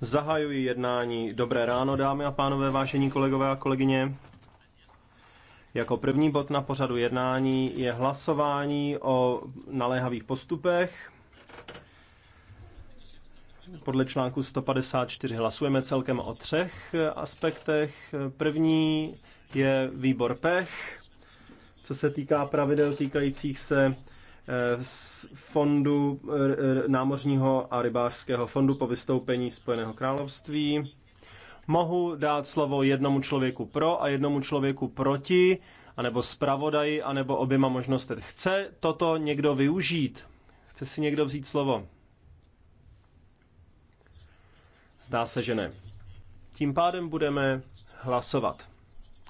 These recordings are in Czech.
Zahajuji jednání. Dobré ráno, dámy a pánové, vážení kolegové a kolegyně. Jako první bod na pořadu jednání je hlasování o naléhavých postupech. Podle článku 154 hlasujeme celkem o třech aspektech. První je výbor PECH, co se týká pravidel týkajících se Eh, z fondu eh, námořního a rybářského fondu po vystoupení Spojeného království. Mohu dát slovo jednomu člověku pro a jednomu člověku proti, anebo zpravodaji, anebo oběma možnosti. Chce toto někdo využít? Chce si někdo vzít slovo? Zdá se, že ne. Tím pádem budeme hlasovat.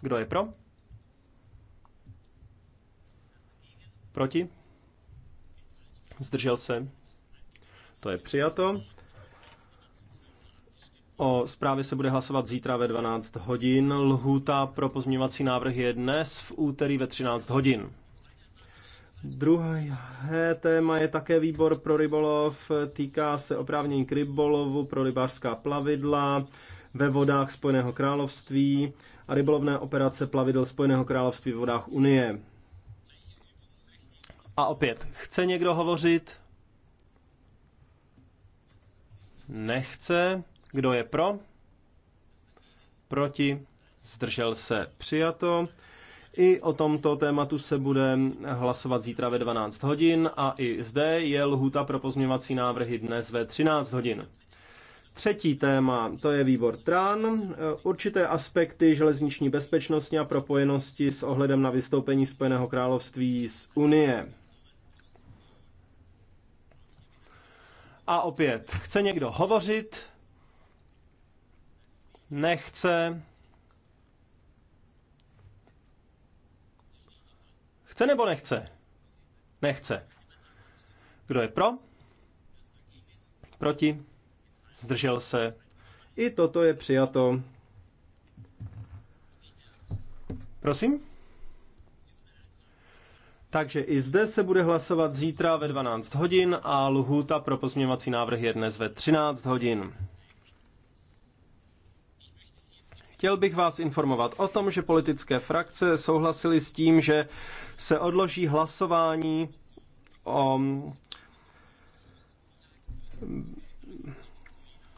Kdo je pro? Proti? Zdržel se? To je přijato. O zprávě se bude hlasovat zítra ve 12 hodin. Lhůta pro pozměňovací návrh je dnes v úterý ve 13 hodin. Druhé téma je také výbor pro rybolov, týká se oprávnění k rybolovu pro rybářská plavidla ve vodách Spojeného království a rybolovné operace plavidel Spojeného království v vodách Unie. A opět, chce někdo hovořit? Nechce. Kdo je pro? Proti? Zdržel se? Přijato. I o tomto tématu se bude hlasovat zítra ve 12 hodin a i zde je lhuta pro pozměňovací návrhy dnes ve 13 hodin. Třetí téma, to je výbor TRAN. Určité aspekty železniční bezpečnosti a propojenosti s ohledem na vystoupení Spojeného království z Unie. A opět, chce někdo hovořit? Nechce. Chce nebo nechce? Nechce. Kdo je pro? Proti? Zdržel se. I toto je přijato. Prosím? Takže i zde se bude hlasovat zítra ve 12 hodin a lhůta pro pozměňovací návrh je dnes ve 13 hodin. Chtěl bych vás informovat o tom, že politické frakce souhlasily s tím, že se odloží hlasování o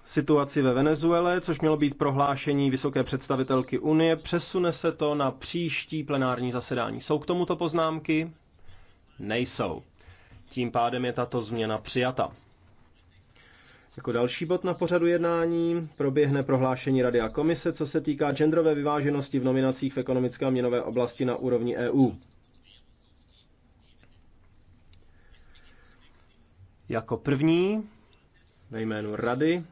situaci ve Venezuele, což mělo být prohlášení vysoké představitelky Unie. Přesune se to na příští plenární zasedání. Jsou k tomuto poznámky? nejsou. Tím pádem je tato změna přijata. Jako další bod na pořadu jednání proběhne prohlášení Rady a komise, co se týká genderové vyváženosti v nominacích v ekonomické a měnové oblasti na úrovni EU. Jako první ve jménu Rady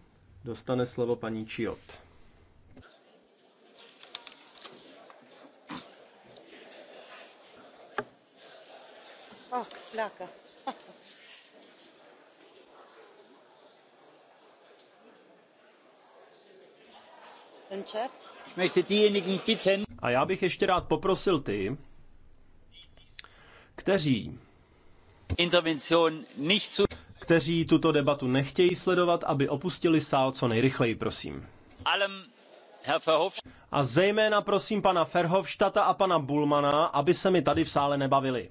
dostane slovo paní Čiot. A já bych ještě rád poprosil ty, kteří kteří tuto debatu nechtějí sledovat, aby opustili sál co nejrychleji, prosím. A zejména prosím pana Ferhovštata a pana Bulmana, aby se mi tady v sále nebavili.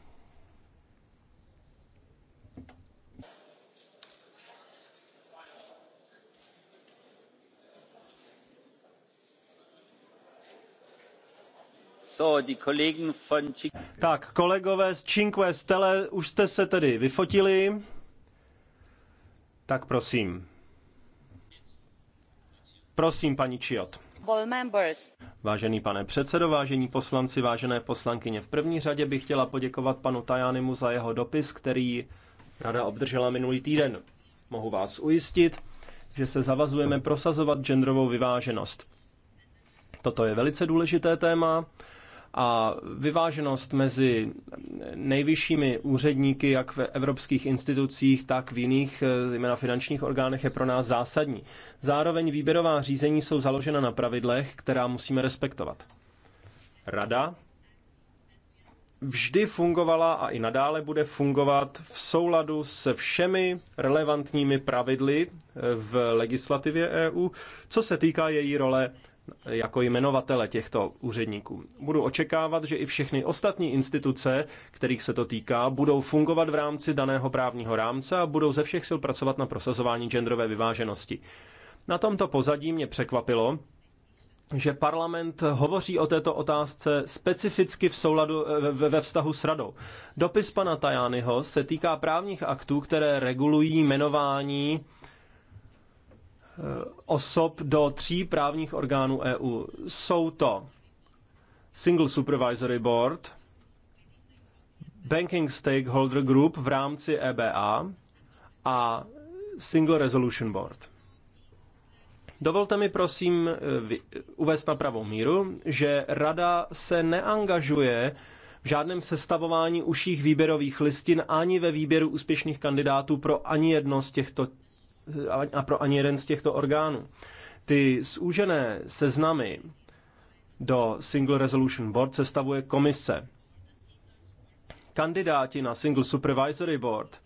Tak, kolegové z Cinque Stelle, už jste se tedy vyfotili. Tak prosím. Prosím, paní Čiot. Vážený pane předsedo, vážení poslanci, vážené poslankyně, v první řadě bych chtěla poděkovat panu Tajánimu za jeho dopis, který rada obdržela minulý týden. Mohu vás ujistit, že se zavazujeme prosazovat genderovou vyváženost. Toto je velice důležité téma a vyváženost mezi nejvyššími úředníky jak v evropských institucích, tak v jiných, eh, zejména finančních orgánech, je pro nás zásadní. Zároveň výběrová řízení jsou založena na pravidlech, která musíme respektovat. Rada vždy fungovala a i nadále bude fungovat v souladu se všemi relevantními pravidly eh, v legislativě EU, co se týká její role jako jmenovatele těchto úředníků. Budu očekávat, že i všechny ostatní instituce, kterých se to týká, budou fungovat v rámci daného právního rámce a budou ze všech sil pracovat na prosazování genderové vyváženosti. Na tomto pozadí mě překvapilo, že parlament hovoří o této otázce specificky v souladu, eh, ve, ve vztahu s radou. Dopis pana Tajányho se týká právních aktů, které regulují jmenování Eh, osob do tří právních orgánů EU. Jsou to Single Supervisory Board, Banking Stakeholder Group v rámci EBA a Single Resolution Board. Dovolte mi prosím eh, uvést na pravou míru, že Rada se neangažuje v žádném sestavování uších výběrových listin ani ve výběru úspěšných kandidátů pro ani jedno z těchto a pro ani jeden z těchto orgánů. Ty zúžené seznamy do Single Resolution Board sestavuje komise. Kandidáti na Single Supervisory Board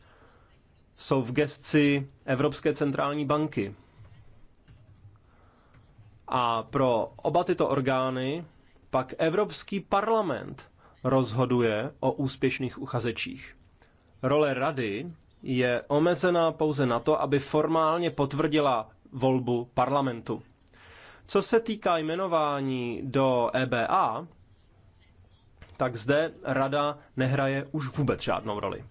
jsou v gestci Evropské centrální banky. A pro oba tyto orgány pak Evropský parlament rozhoduje o úspěšných uchazečích. Role rady je omezená pouze na to, aby formálně potvrdila volbu parlamentu. Co se týká jmenování do EBA, tak zde rada nehraje už vůbec žádnou roli.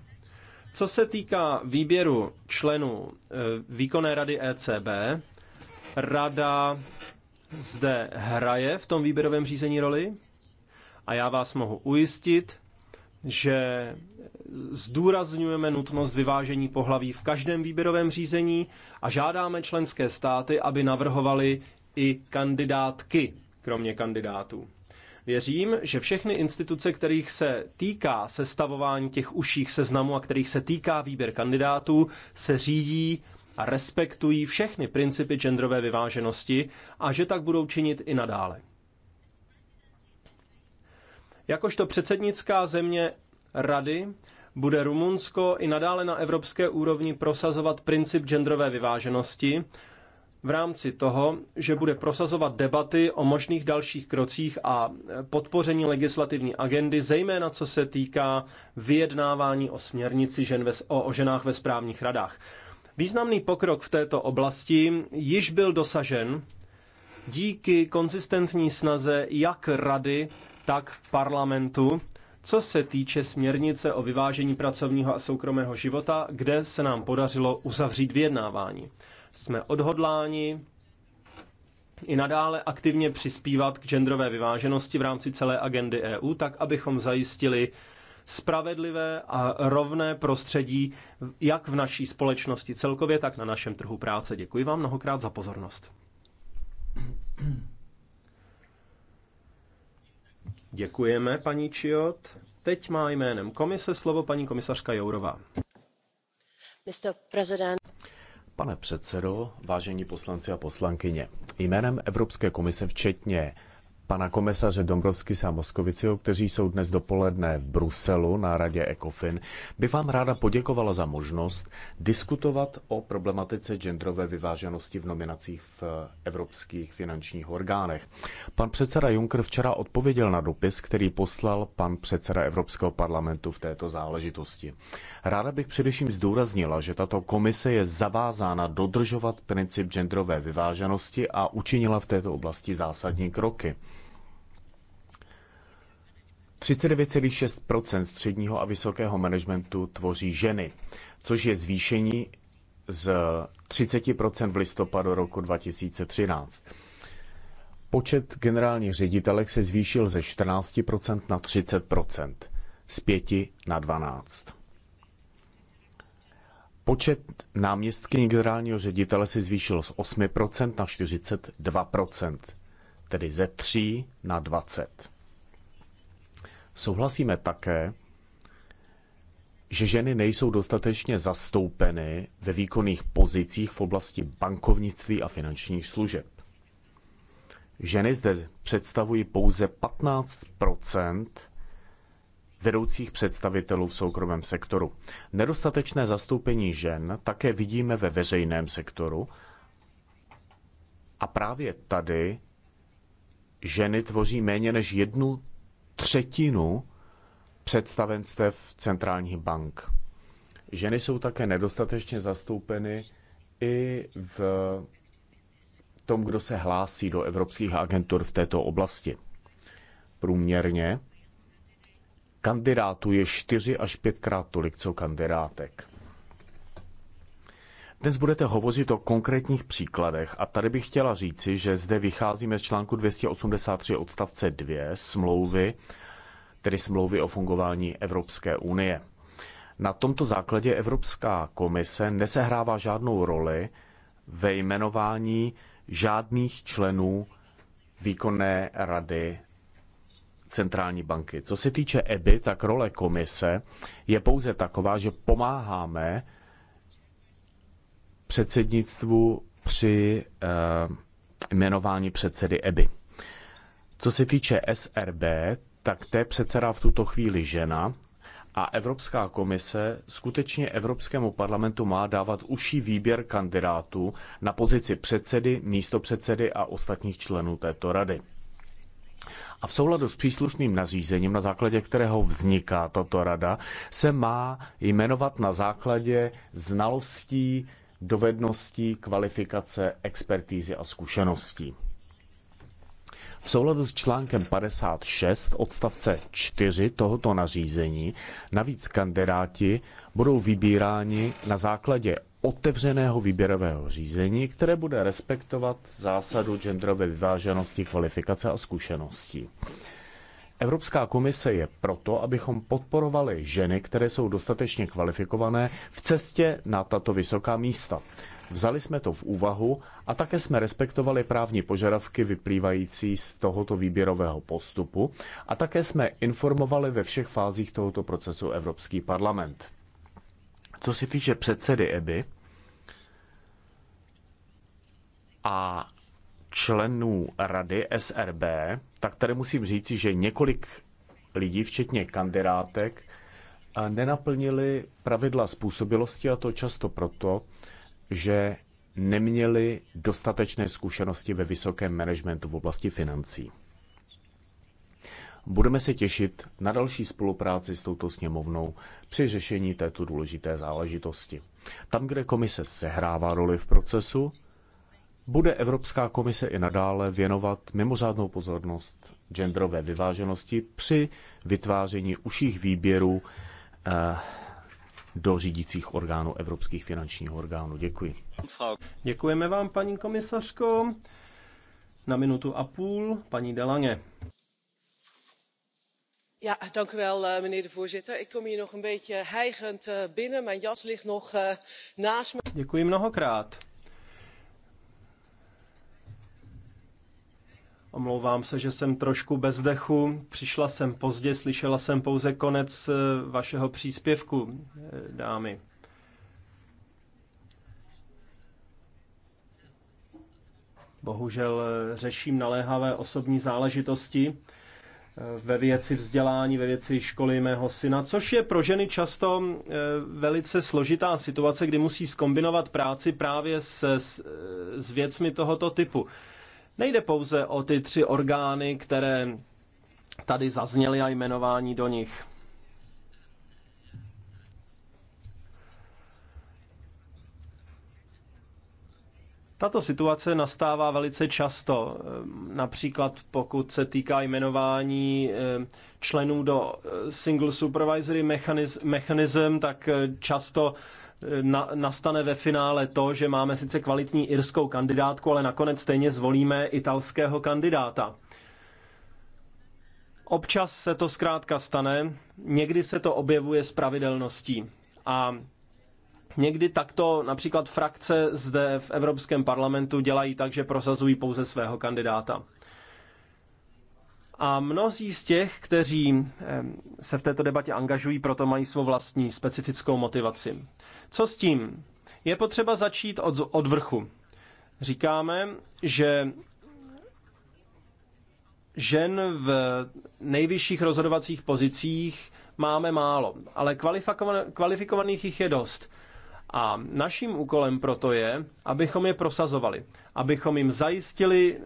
Co se týká výběru členů e, výkonné rady ECB, rada zde hraje v tom výběrovém řízení roli a já vás mohu ujistit, že zdůrazňujeme nutnost vyvážení pohlaví v každém výběrovém řízení a žádáme členské státy, aby navrhovali i kandidátky, kromě kandidátů. Věřím, že všechny instituce, kterých se týká sestavování těch užších seznamů a kterých se týká výběr kandidátů, se řídí a respektují všechny principy genderové vyváženosti a že tak budou činit i nadále. Jakožto předsednická země Rady bude Rumunsko i nadále na evropské úrovni prosazovat princip genderové vyváženosti v rámci toho, že bude prosazovat debaty o možných dalších krocích a podpoření legislativní agendy, zejména co se týká vyjednávání o směrnici žen ve, o, o ženách ve správních radách. Významný pokrok v této oblasti již byl dosažen díky konzistentní snaze jak rady, tak parlamentu, co se týče směrnice o vyvážení pracovního a soukromého života, kde se nám podařilo uzavřít vyjednávání. Jsme odhodláni i nadále aktivně přispívat k genderové vyváženosti v rámci celé agendy EU, tak abychom zajistili spravedlivé a rovné prostředí jak v naší společnosti celkově, tak na našem trhu práce. Děkuji vám mnohokrát za pozornost. Děkujeme, paní Čiot. Teď má jménem komise slovo paní komisařka Jourová. Pane předsedo, vážení poslanci a poslankyně, jménem Evropské komise včetně pana komisaře Dombrovsky a Moskoviciho, kteří jsou dnes dopoledne v Bruselu na radě ECOFIN, bych vám ráda poděkovala za možnost diskutovat o problematice genderové vyváženosti v nominacích v eh, evropských finančních orgánech. Pan předseda Juncker včera odpověděl na dopis, který poslal pan předseda Evropského parlamentu v této záležitosti. Ráda bych především zdůraznila, že tato komise je zavázána dodržovat princip genderové vyváženosti a učinila v této oblasti zásadní kroky. 39,6 středního a vysokého managementu tvoří ženy, což je zvýšení z 30 v listopadu roku 2013. Počet generálních ředitelek se zvýšil ze 14 na 30 z 5 na 12. Počet náměstky generálního ředitele se zvýšil z 8 na 42 tedy ze 3 na 20. Souhlasíme také, že ženy nejsou dostatečně zastoupeny ve výkonných pozicích v oblasti bankovnictví a finančních služeb. Ženy zde představují pouze 15 vedoucích představitelů v soukromém sektoru. Nedostatečné zastoupení žen také vidíme ve veřejném sektoru a právě tady ženy tvoří méně než jednu třetinu představenstev centrálních bank. Ženy jsou také nedostatečně zastoupeny i v tom, kdo se hlásí do evropských agentur v této oblasti. Průměrně kandidátů je čtyři až pětkrát tolik, co kandidátek. Dnes budete hovořit o konkrétních příkladech a tady bych chtěla říci, že zde vycházíme z článku 283 odstavce 2 smlouvy, tedy smlouvy o fungování Evropské unie. Na tomto základě Evropská komise nesehrává žádnou roli ve jmenování žádných členů výkonné rady centrální banky. Co se týče EBY, tak role komise je pouze taková, že pomáháme předsednictvu při eh, jmenování předsedy EBY. Co se týče SRB, tak té předsedá v tuto chvíli žena a Evropská komise skutečně Evropskému parlamentu má dávat užší výběr kandidátů na pozici předsedy, místopředsedy a ostatních členů této rady. A v souladu s příslušným nařízením, na základě kterého vzniká tato rada, se má jmenovat na základě znalostí dovedností, kvalifikace, expertízy a zkušeností. V souladu s článkem 56 odstavce 4 tohoto nařízení navíc kandidáti budou vybíráni na základě otevřeného výběrového řízení, které bude respektovat zásadu genderové vyváženosti kvalifikace a zkušeností. Evropská komise je proto, abychom podporovali ženy, které jsou dostatečně kvalifikované v cestě na tato vysoká místa. Vzali jsme to v úvahu a také jsme respektovali právní požadavky vyplývající z tohoto výběrového postupu a také jsme informovali ve všech fázích tohoto procesu Evropský parlament. Co se týče předsedy EBY a členů rady SRB, tak tady musím říci, že několik lidí, včetně kandidátek, nenaplnili pravidla způsobilosti a to často proto, že neměli dostatečné zkušenosti ve vysokém managementu v oblasti financí. Budeme se těšit na další spolupráci s touto sněmovnou při řešení této důležité záležitosti. Tam, kde komise sehrává roli v procesu, bude Evropská komise i nadále věnovat mimořádnou pozornost genderové vyváženosti při vytváření uších výběrů eh, do řídících orgánů evropských finančních orgánů. Děkuji. Děkujeme vám, paní komisařko. Na minutu a půl, paní Delange. Ja, dank u wel, uh, meneer de voorzitter. Ik kom hier nog een beetje heigend uh, eh, binnen. Mijn jas ligt nog uh, naast me. Děkuji mnohokrát. Omlouvám se, že jsem trošku bez dechu. Přišla jsem pozdě, slyšela jsem pouze konec eh, vašeho příspěvku, eh, dámy. Bohužel eh, řeším naléhavé osobní záležitosti ve věci vzdělání, ve věci školy mého syna, což je pro ženy často velice složitá situace, kdy musí skombinovat práci právě se s, s věcmi tohoto typu. Nejde pouze o ty tři orgány, které tady zazněly a jmenování do nich. Tato situace nastává velice často, eh, například pokud se týká jmenování eh, členů do eh, Single Supervisory Mechanism, tak často na, nastane ve finále to, že máme sice kvalitní irskou kandidátku, ale nakonec stejně zvolíme italského kandidáta. Občas se to zkrátka stane, někdy se to objevuje s pravidelností. A Někdy takto například frakce zde v Evropském parlamentu dělají tak, že prosazují pouze svého kandidáta. A mnozí z těch, kteří eh, se v této debatě angažují, proto mají svou vlastní specifickou motivaci. Co s tím? Je potřeba začít od, od vrchu. Říkáme, že žen v nejvyšších rozhodovacích pozicích máme málo, ale kvalifikovaných jich je dost. A naším úkolem proto je, abychom je prosazovali, abychom jim zajistili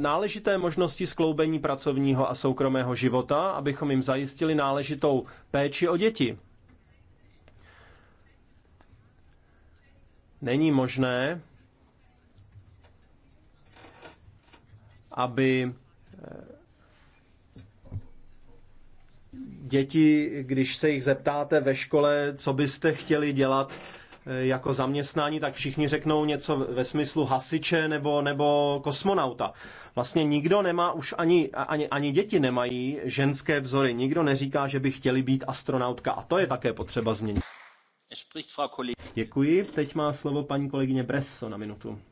náležité možnosti skloubení pracovního a soukromého života, abychom jim zajistili náležitou péči o děti, Není možné, aby eh, děti, když se jich zeptáte ve škole, co byste chtěli dělat eh, jako zaměstnání, tak všichni řeknou něco ve smyslu hasiče nebo, nebo kosmonauta. Vlastně nikdo nemá, už ani, ani, ani děti nemají ženské vzory. Nikdo neříká, že by chtěli být astronautka. A to je také potřeba změnit. Er Děkuji. Teď má slovo paní kolegyně Bresso na minutu.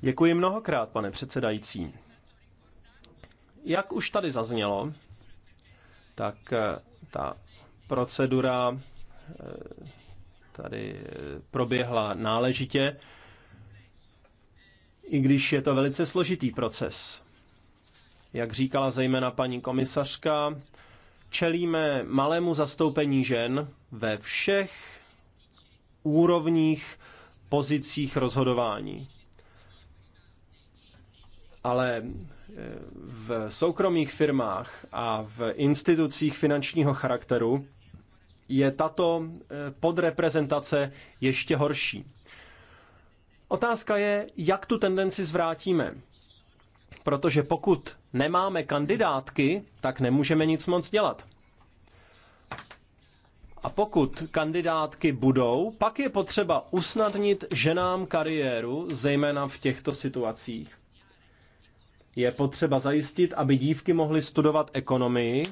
Děkuji mnohokrát, pane předsedající. Jak už tady zaznělo, tak eh, ta procedura eh, tady eh, proběhla náležitě, i když je to velice složitý proces. Jak říkala zejména paní komisařka, čelíme malému zastoupení žen ve všech úrovních pozicích rozhodování. Ale eh, v soukromých firmách a v institucích finančního charakteru je tato eh, podreprezentace ještě horší. Otázka je, jak tu tendenci zvrátíme protože pokud nemáme kandidátky, tak nemůžeme nic moc dělat. A pokud kandidátky budou, pak je potřeba usnadnit ženám kariéru, zejména v těchto situacích. Je potřeba zajistit, aby dívky mohly studovat ekonomii.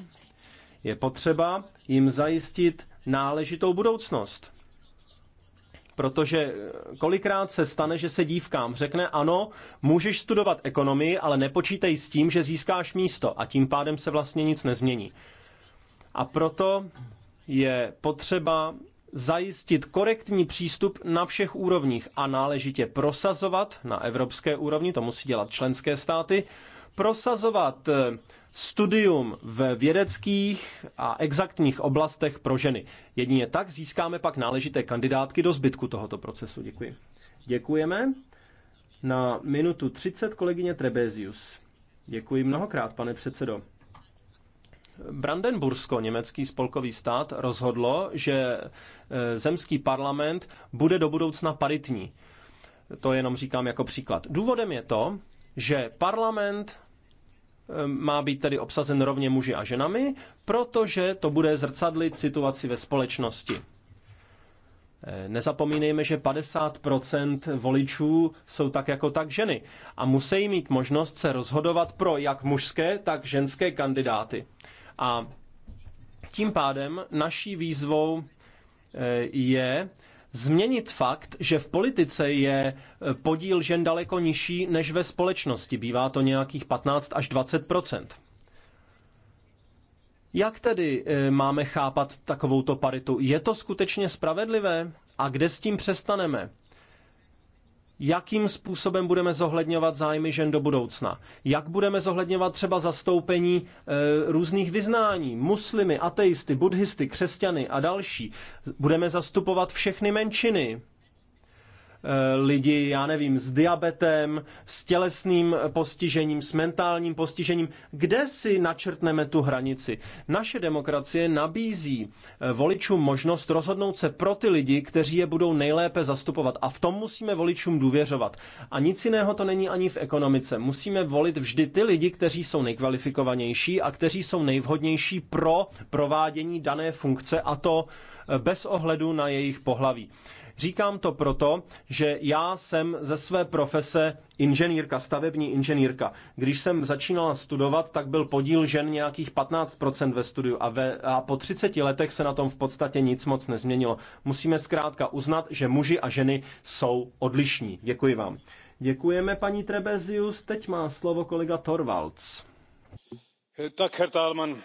Je potřeba jim zajistit náležitou budoucnost. Protože kolikrát se stane, že se dívkám řekne, ano, můžeš studovat ekonomii, ale nepočítej s tím, že získáš místo a tím pádem se vlastně nic nezmění. A proto je potřeba zajistit korektní přístup na všech úrovních a náležitě prosazovat na evropské úrovni, to musí dělat členské státy, prosazovat eh, studium ve vědeckých a exaktních oblastech pro ženy. Jedině tak získáme pak náležité kandidátky do zbytku tohoto procesu. Děkuji. Děkujeme. Na minutu 30 kolegyně Trebezius. Děkuji mnohokrát, pane předsedo. Brandenbursko, německý spolkový stát, rozhodlo, že eh, zemský parlament bude do budoucna paritní. To jenom říkám jako příklad. Důvodem je to, že parlament Ehm, má být tedy obsazen rovně muži a ženami, protože to bude zrcadlit situaci ve společnosti. Ehm, nezapomínejme, že 50% voličů jsou tak jako tak ženy a musí mít možnost se rozhodovat pro jak mužské, tak ženské kandidáty. A tím pádem naší výzvou ehm, je změnit fakt, že v politice je e, podíl žen daleko nižší než ve společnosti. Bývá to nějakých 15 až 20 jak tedy e, máme chápat takovouto paritu? Je to skutečně spravedlivé? A kde s tím přestaneme? jakým způsobem budeme zohledňovat zájmy žen do budoucna. Jak budeme zohledňovat třeba zastoupení e, různých vyznání, muslimy, ateisty, buddhisty, křesťany a další. Budeme zastupovat všechny menšiny. Eh, lidi, já nevím, s diabetem, s tělesným postižením, s mentálním postižením. Kde si načrtneme tu hranici? Naše demokracie nabízí eh, voličům možnost rozhodnout se pro ty lidi, kteří je budou nejlépe zastupovat. A v tom musíme voličům důvěřovat. A nic jiného to není ani v ekonomice. Musíme volit vždy ty lidi, kteří jsou nejkvalifikovanější a kteří jsou nejvhodnější pro provádění dané funkce a to eh, bez ohledu na jejich pohlaví. Říkám to proto, že já jsem ze své profese inženýrka, stavební inženýrka. Když jsem začínala studovat, tak byl podíl žen nějakých 15% ve studiu a, ve, a po 30 letech se na tom v podstatě nic moc nezměnilo. Musíme zkrátka uznat, že muži a ženy jsou odlišní. Děkuji vám. Děkujeme, paní Trebezius. Teď má slovo kolega Torvalds. Tak, Herr Talman.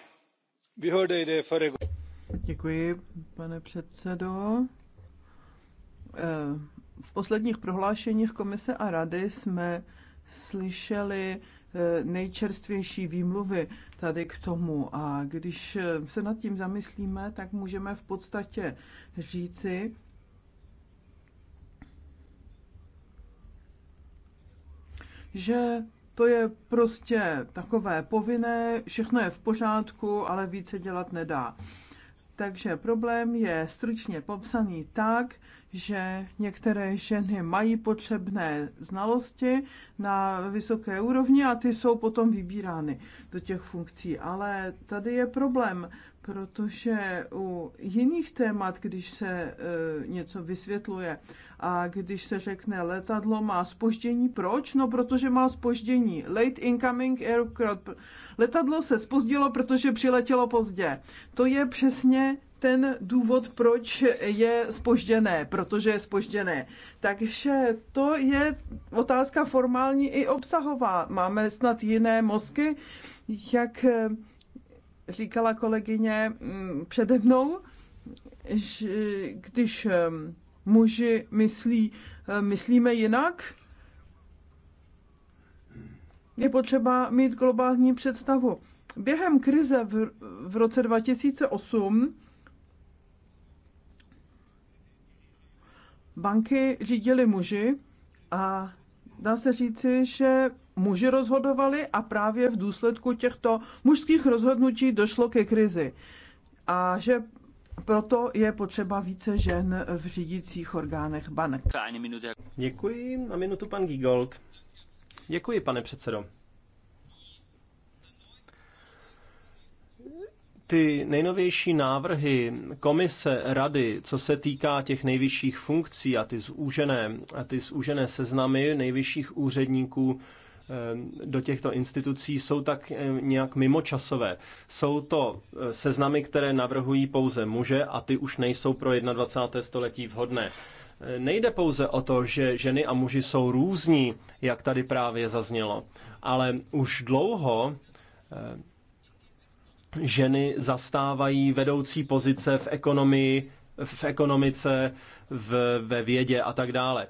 Děkuji, pane předsedo. Eh, v posledních prohlášeních komise a rady jsme slyšeli eh, nejčerstvější výmluvy tady k tomu. A když eh, se nad tím zamyslíme, tak můžeme v podstatě říci, že to je prostě takové povinné, všechno je v pořádku, ale více dělat nedá. Takže problém je stručně popsaný tak, že některé ženy mají potřebné znalosti na vysoké úrovni a ty jsou potom vybírány do těch funkcí. Ale tady je problém, protože u jiných témat, když se e, něco vysvětluje, a když se řekne letadlo má spoždění, proč? No, protože má spoždění. Late incoming aircraft. Letadlo se spozdilo, protože přiletělo pozdě. To je přesně ten důvod, proč je spožděné, protože je spožděné. Takže to je otázka formální i obsahová. Máme snad jiné mozky, jak eh, říkala kolegyně mm, přede mnou, když eh, muži myslí, eh, myslíme jinak? Je potřeba mít globální představu. Během krize v, v roce 2008 banky řídili muži a dá se říci, že muži rozhodovali a právě v důsledku těchto mužských rozhodnutí došlo ke krizi. A že proto je potřeba více žen v řídících orgánech banek. Děkuji. Na minutu pan Gigold. Děkuji, pane předsedo. ty nejnovější návrhy komise, rady, co se týká těch nejvyšších funkcí a ty zúžené, a ty zúžené seznamy nejvyšších úředníků, Eh, do těchto institucí jsou tak eh, nějak mimočasové. Jsou to eh, seznamy, které navrhují pouze muže a ty už nejsou pro 21. století vhodné. Nejde pouze o to, že ženy a muži jsou různí, jak tady právě zaznělo, ale už dlouho ženy zastávají vedoucí pozice v ekonomii, v ekonomice, v, ve vědě a tak dále.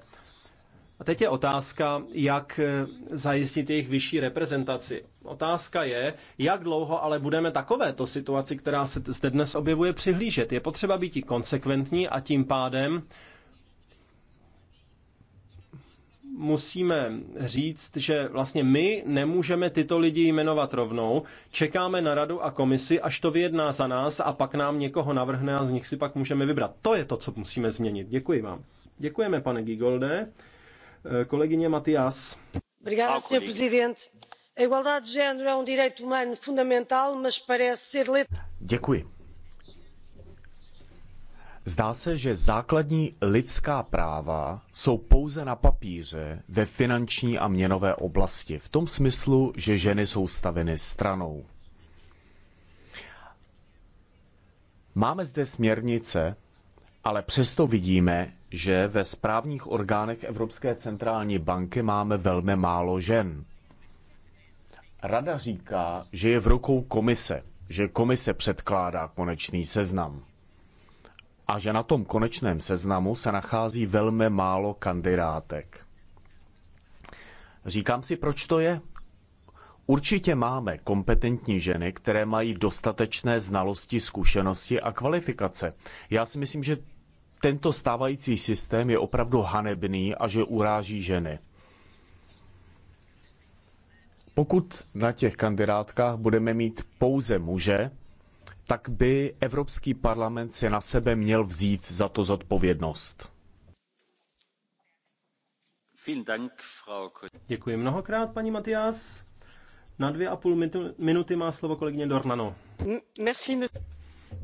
A teď je otázka, jak eh, zajistit jejich vyšší reprezentaci. Otázka je, jak dlouho ale budeme takovéto situaci, která se zde dnes objevuje, přihlížet. Je potřeba být i konsekventní a tím pádem musíme říct, že vlastně my nemůžeme tyto lidi jmenovat rovnou, čekáme na radu a komisi, až to vyjedná za nás a pak nám někoho navrhne a z nich si pak můžeme vybrat. To je to, co musíme změnit. Děkuji vám. Děkujeme, pane Gigolde. Eh, kolegyně Matias. Ah, um Zdá se, že základní lidská práva jsou pouze na papíře ve finanční a měnové oblasti, v tom smyslu, že ženy jsou staveny stranou. Máme zde směrnice, ale přesto vidíme, že ve správních orgánech Evropské centrální banky máme velmi málo žen. Rada říká, že je v rukou komise, že komise předkládá konečný seznam a že na tom konečném seznamu se nachází velmi málo kandidátek. Říkám si, proč to je? Určitě máme kompetentní ženy, které mají dostatečné znalosti, zkušenosti a kvalifikace. Já si myslím, že tento stávající systém je opravdu hanebný a že uráží ženy. Pokud na těch kandidátkách budeme mít pouze muže, tak by Evropský parlament se na sebe měl vzít za to zodpovědnost. Děkuji mnohokrát, paní Matias. Na dvě a půl minuty má slovo kolegyně Dornano.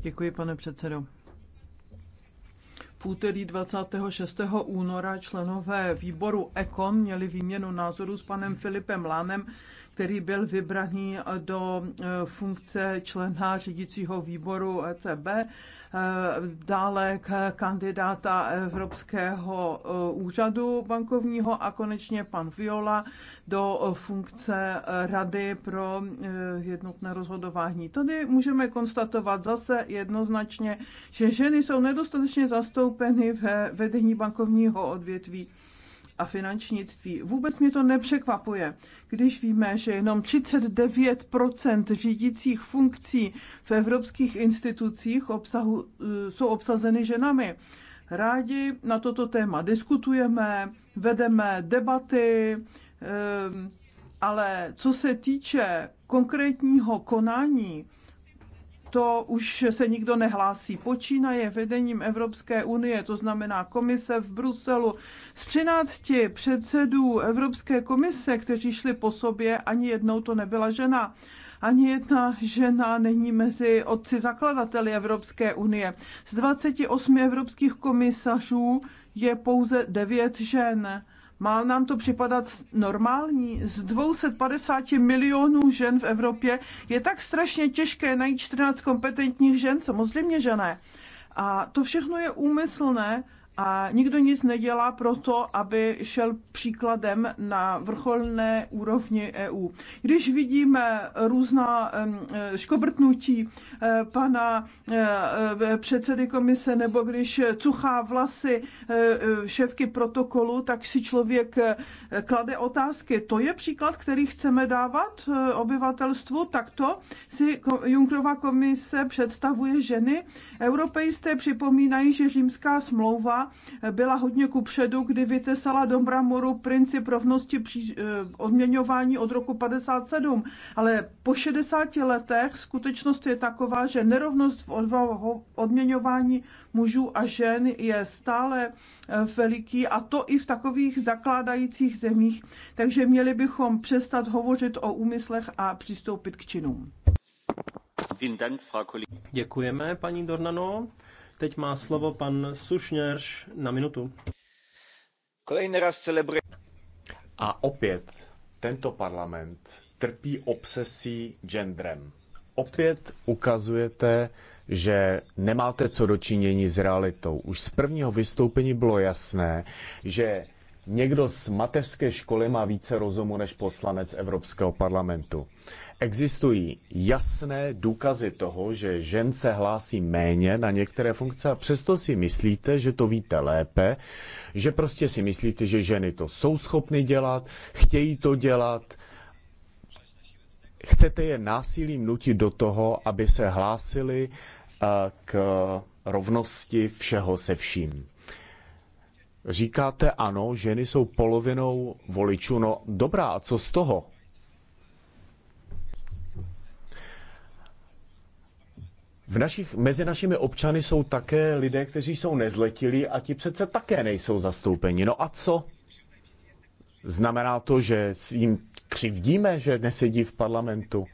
Děkuji, pane předsedo úterý 26. února členové výboru ECON měli výměnu názoru s panem Filipem Lánem, který byl vybraný do e, funkce člena řídícího výboru ECB Eh, dále kandidáta Evropského eh, úřadu bankovního a konečně pan Viola do eh, funkce Rady pro jednotné rozhodování. Tady můžeme konstatovat zase jednoznačně, že ženy jsou nedostatečně zastoupeny ve vedení bankovního odvětví a finančnictví. Vůbec mě to nepřekvapuje, když víme, že jenom 39 řídících funkcí v evropských institucích obsahu, eh, jsou obsazeny ženami. Rádi na toto téma diskutujeme, vedeme debaty, eh, ale co se týče konkrétního konání, to už se nikdo nehlásí. Počínaje vedením Evropské unie, to znamená komise v Bruselu. Z 13 předsedů Evropské komise, kteří šli po sobě, ani jednou to nebyla žena ani jedna žena není mezi otci zakladateli Evropské unie. Z 28 evropských komisařů je pouze 9 žen. Má nám to připadat normální? Z 250 milionů žen v Evropě je tak strašně těžké najít 14 kompetentních žen? Samozřejmě, že ne. A to všechno je úmyslné, a nikdo nic nedělá pro to, aby šel příkladem na vrcholné úrovni EU. Když vidíme různá e, škobrtnutí e, pana e, předsedy komise, nebo když cuchá vlasy šéfky protokolu, tak si člověk klade otázky. To je příklad, který chceme dávat obyvatelstvu, takto si Junkrova komise představuje ženy. Europejisté připomínají, že římská smlouva byla hodně předu, kdy vytesala do mramoru princip rovnosti při, eh, odměňování od roku 57, ale po 60 letech skutečnost je taková, že nerovnost v odměňování mužů a žen je stále eh, veliký a to i v takových zakládajících zemích, takže měli bychom přestat hovořit o úmyslech a přistoupit k činům. Děkujeme, paní Dornano. Teď má slovo pan Sušněrš na minutu. Kolejný raz celebruje. A opět tento parlament trpí obsesí genderem. Opět ukazujete, že nemáte co dočinění s realitou. Už z prvního vystoupení bylo jasné, že někdo z mateřské školy má více rozumu než poslanec Evropského parlamentu. Existují jasné důkazy toho, že žen se hlásí méně na některé funkce a přesto si myslíte, že to víte lépe, že prostě si myslíte, že ženy to jsou schopny dělat, chtějí to dělat, chcete je násilím nutit do toho, aby se hlásili eh, k rovnosti všeho se vším. Říkáte ano, ženy jsou polovinou voličů. No dobrá, a co z toho? V našich, mezi našimi občany jsou také lidé, kteří jsou nezletili a ti přece také nejsou zastoupeni. No a co? Znamená to, že jim křivdíme, že nesedí v parlamentu?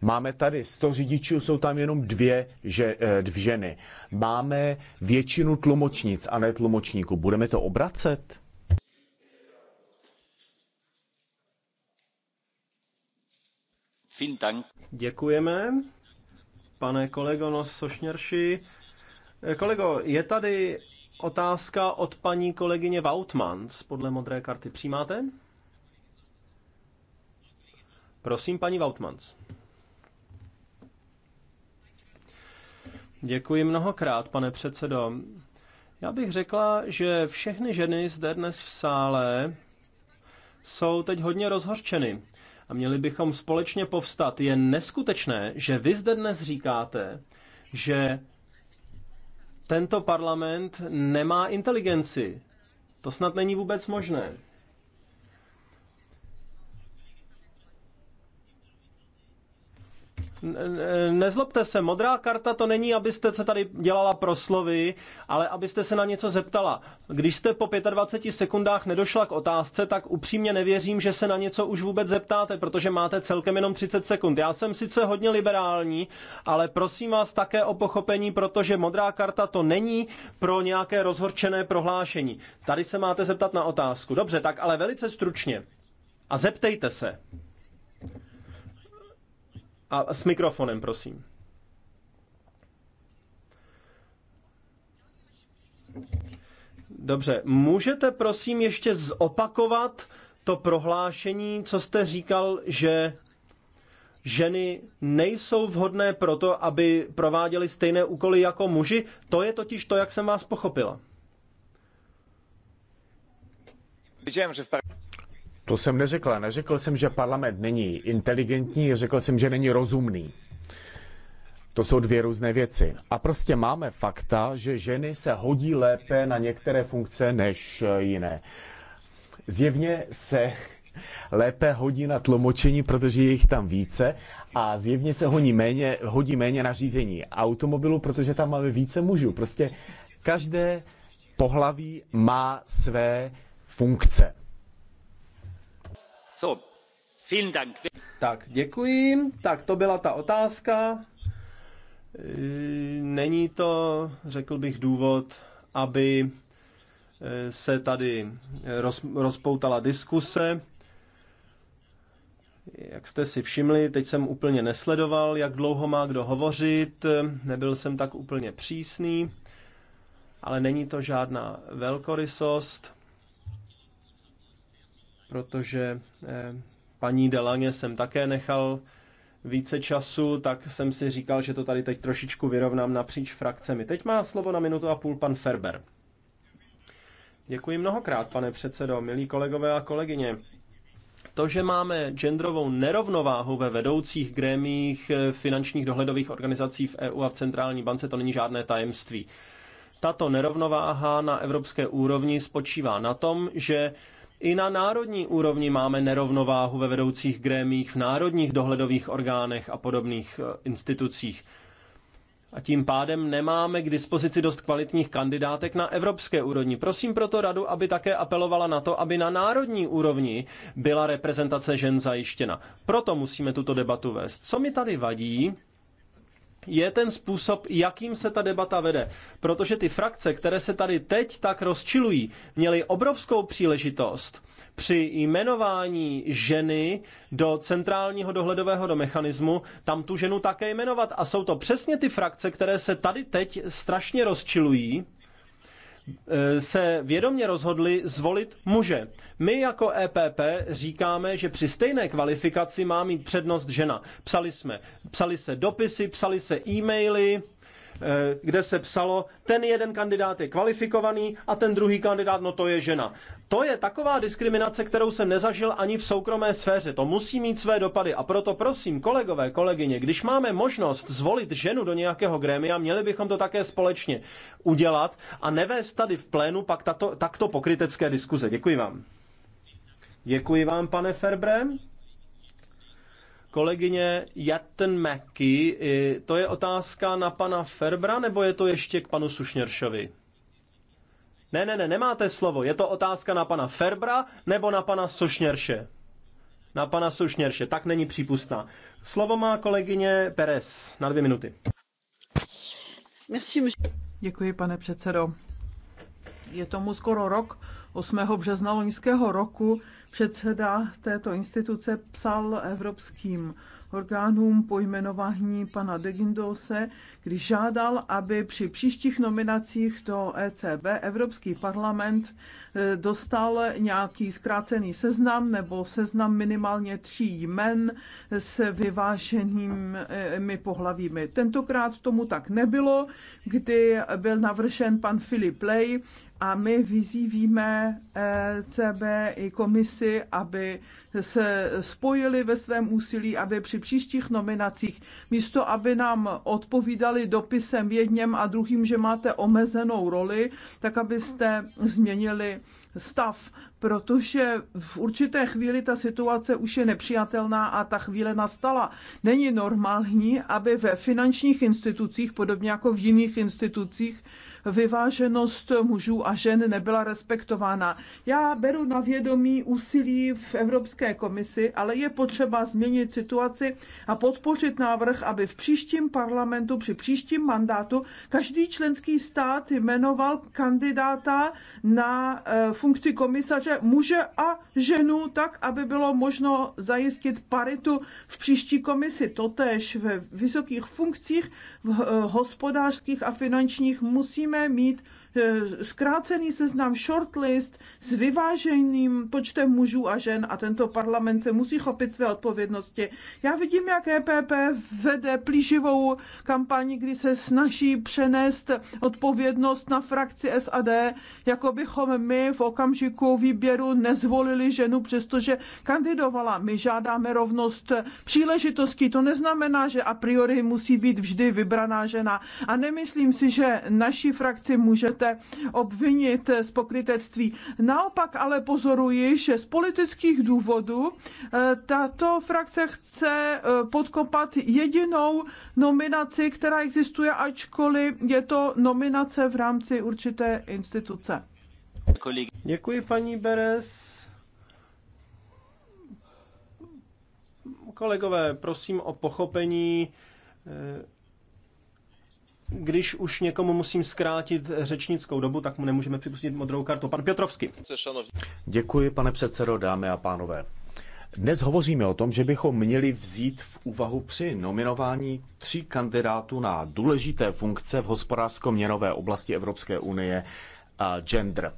Máme tady 100 řidičů, jsou tam jenom dvě, že, eh, dvě ženy. Máme většinu tlumočnic a ne tlumočníků. Budeme to obracet? Děkujeme pane kolego Nosošněrši. Eh, kolego, je tady otázka od paní kolegyně Vautmans podle modré karty. Přijímáte? Prosím, paní Vautmans. Děkuji mnohokrát, pane předsedo. Já bych řekla, že všechny ženy zde dnes v sále jsou teď hodně rozhorčeny a měli bychom společně povstat. Je neskutečné, že vy zde dnes říkáte, že tento parlament nemá inteligenci. To snad není vůbec možné. Nezlobte se, modrá karta to není, abyste se tady dělala proslovy, ale abyste se na něco zeptala. Když jste po 25 sekundách nedošla k otázce, tak upřímně nevěřím, že se na něco už vůbec zeptáte, protože máte celkem jenom 30 sekund. Já jsem sice hodně liberální, ale prosím vás také o pochopení, protože modrá karta to není pro nějaké rozhorčené prohlášení. Tady se máte zeptat na otázku. Dobře, tak ale velice stručně. A zeptejte se. A s mikrofonem, prosím. Dobře, můžete prosím ještě zopakovat to prohlášení, co jste říkal, že ženy nejsou vhodné pro to, aby prováděly stejné úkoly jako muži? To je totiž to, jak jsem vás pochopila. Wiedziałem, že v to jsem neřekl. Neřekl jsem, že parlament není inteligentní, řekl jsem, že není rozumný. To jsou dvě různé věci. A prostě máme fakta, že ženy se hodí lépe na některé funkce než eh, jiné. Zjevně se lépe hodí na tlumočení, protože je jich tam více a zjevně se honí méně, hodí méně na řízení automobilu, protože tam máme více mužů. Prostě každé pohlaví má své funkce. Tak, děkuji. Tak to byla ta otázka. E, není to, řekl bych, důvod, aby e, se tady roz, rozpoutala diskuse. Jak jste si všimli, teď jsem úplně nesledoval, jak dlouho má kdo hovořit, nebyl jsem tak úplně přísný, ale není to žádná velkorysost protože eh, paní Delaně jsem také nechal více času, tak jsem si říkal, že to tady teď trošičku vyrovnám napříč frakcemi. Teď má slovo na minutu a půl pan Ferber. Děkuji mnohokrát, pane předsedo, milí kolegové a kolegyně. To, že máme genderovou nerovnováhu ve vedoucích grémích eh, finančních dohledových organizací v EU a v Centrální bance, to není žádné tajemství. Tato nerovnováha na evropské úrovni spočívá na tom, že i na národní úrovni máme nerovnováhu ve vedoucích grémích, v národních dohledových orgánech a podobných e, institucích. A tím pádem nemáme k dispozici dost kvalitních kandidátek na evropské úrovni. Prosím proto radu, aby také apelovala na to, aby na národní úrovni byla reprezentace žen zajištěna. Proto musíme tuto debatu vést. Co mi tady vadí, je ten způsob, jakým se ta debata vede. Protože ty frakce, které se tady teď tak rozčilují, měly obrovskou příležitost při jmenování ženy do centrálního dohledového do mechanismu tam tu ženu také jmenovat. A jsou to přesně ty frakce, které se tady teď strašně rozčilují Eh, se vědomě rozhodli zvolit muže. My jako EPP říkáme, že při stejné kvalifikaci má mít přednost žena. Psali jsme, psali se dopisy, psali se e-maily, Eh, kde se psalo, ten jeden kandidát je kvalifikovaný a ten druhý kandidát, no to je žena. To je taková diskriminace, kterou jsem nezažil ani v soukromé sféře. To musí mít své dopady. A proto prosím, kolegové, kolegyně, když máme možnost zvolit ženu do nějakého grémia, měli bychom to také společně udělat a nevést tady v plénu pak tato, takto pokrytecké diskuze. Děkuji vám. Děkuji vám, pane Ferbrem. Kolegyně Jatten Mackey, to je otázka na pana Ferbra, nebo je to ještě k panu Sušněršovi? Ne, ne, ne, nemáte slovo. Je to otázka na pana Ferbra nebo na pana Sušněrše? Na pana Sušněrše, tak není přípustná. Slovo má kolegyně Perez na dvě minuty. Děkuji, pane předsedo. Je tomu skoro rok, 8. března loňského roku, předseda této instituce psal evropským orgánům po jmenování pana Degindose, když žádal, aby při příštích nominacích do ECB Evropský parlament e, dostal nějaký zkrácený seznam nebo seznam minimálně tří jmen s vyváženými pohlavími. Tentokrát tomu tak nebylo, kdy byl navržen pan Filip Lej a my vyzývíme e CB i komisi, aby se spojili ve svém úsilí, aby při příštích nominacích. Místo, aby nám odpovídali dopisem jedním a druhým, že máte omezenou roli, tak abyste změnili stav, protože v určité chvíli ta situace už je nepřijatelná a ta chvíle nastala. Není normální, aby ve finančních institucích, podobně jako v jiných institucích, vyváženost mužů a žen nebyla respektována. Já beru na vědomí úsilí v Evropské komisi, ale je potřeba změnit situaci a podpořit návrh, aby v příštím parlamentu, při příštím mandátu, každý členský stát jmenoval kandidáta na eh, funkci komisaře muže a ženu, tak, aby bylo možno zajistit paritu v příští komisi. Totež ve vysokých funkcích v eh, hospodářských a finančních musíme musíme mít Eh, zkrácený seznam shortlist s vyváženým počtem mužů a žen a tento parlament se musí chopit své odpovědnosti. Já vidím, jak EPP vede plíživou kampaní, kdy se snaží přenést odpovědnost na frakci SAD, jako bychom my v okamžiku výběru nezvolili ženu, přestože kandidovala. My žádáme rovnost příležitostí. To neznamená, že a priori musí být vždy vybraná žena. A nemyslím si, že naší frakci může můžete obvinit z pokrytectví. Naopak ale pozoruji, že z politických důvodů eh, tato frakce chce eh, podkopat jedinou nominaci, která existuje, ačkoliv je to nominace v rámci určité instituce. Děkuji, paní Beres. Kolegové, prosím o pochopení. Eh, když už někomu musím zkrátit řečnickou dobu, tak mu nemůžeme připustit modrou kartu. Pan Piotrovský. Děkuji, pane předsedo, dámy a pánové. Dnes hovoříme o tom, že bychom měli vzít v úvahu při nominování tří kandidátů na důležité funkce v hospodářsko-měnové oblasti Evropské unie a gender.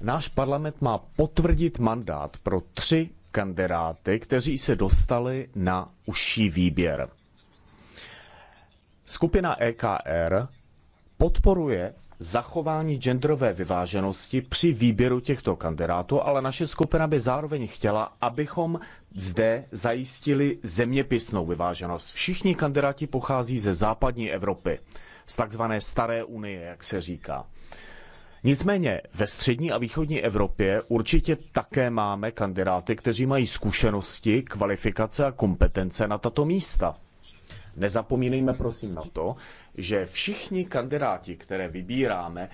Náš parlament má potvrdit mandát pro tři kandidáty, kteří se dostali na užší výběr. Skupina EKR podporuje zachování genderové vyváženosti při výběru těchto kandidátů, ale naše skupina by zároveň chtěla, abychom zde zajistili zeměpisnou vyváženost. Všichni kandidáti pochází ze západní Evropy, z takzvané Staré unie, jak se říká. Nicméně ve střední a východní Evropě určitě také máme kandidáty, kteří mají zkušenosti, kvalifikace a kompetence na tato místa. Nezapomínejme prosím na to, že všichni kandidáti, které vybíráme,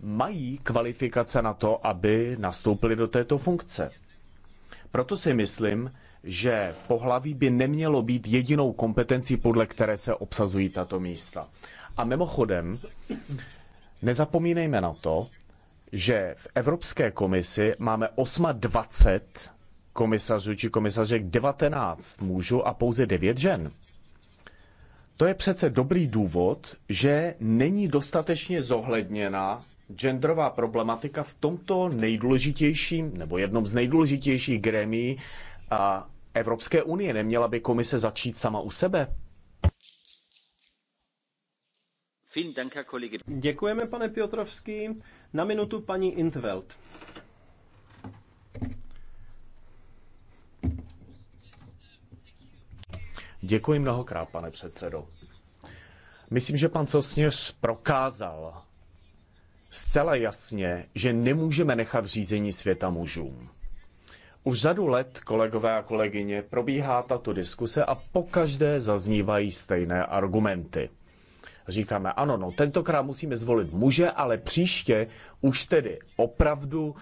mají kvalifikace na to, aby nastoupili do této funkce. Proto si myslím, že pohlaví by nemělo být jedinou kompetencí, podle které se obsazují tato místa. A mimochodem, nezapomínejme na to, že v Evropské komisi máme 28 komisařů či komisařek 19 mužů a pouze 9 žen. To je přece dobrý důvod, že není dostatečně zohledněna genderová problematika v tomto nejdůležitějším nebo jednom z nejdůležitějších grémií a Evropské unie. Neměla by komise začít sama u sebe? Děkujeme, pane Piotrovský. Na minutu paní Intveld. Děkuji mnohokrát, pane předsedo. Myslím, že pan Sosněř prokázal zcela jasně, že nemůžeme nechat řízení světa mužům. Už řadu let, kolegové a kolegyně, probíhá tato diskuse a pokaždé zaznívají stejné argumenty. Říkáme, ano, no, tentokrát musíme zvolit muže, ale příště už tedy opravdu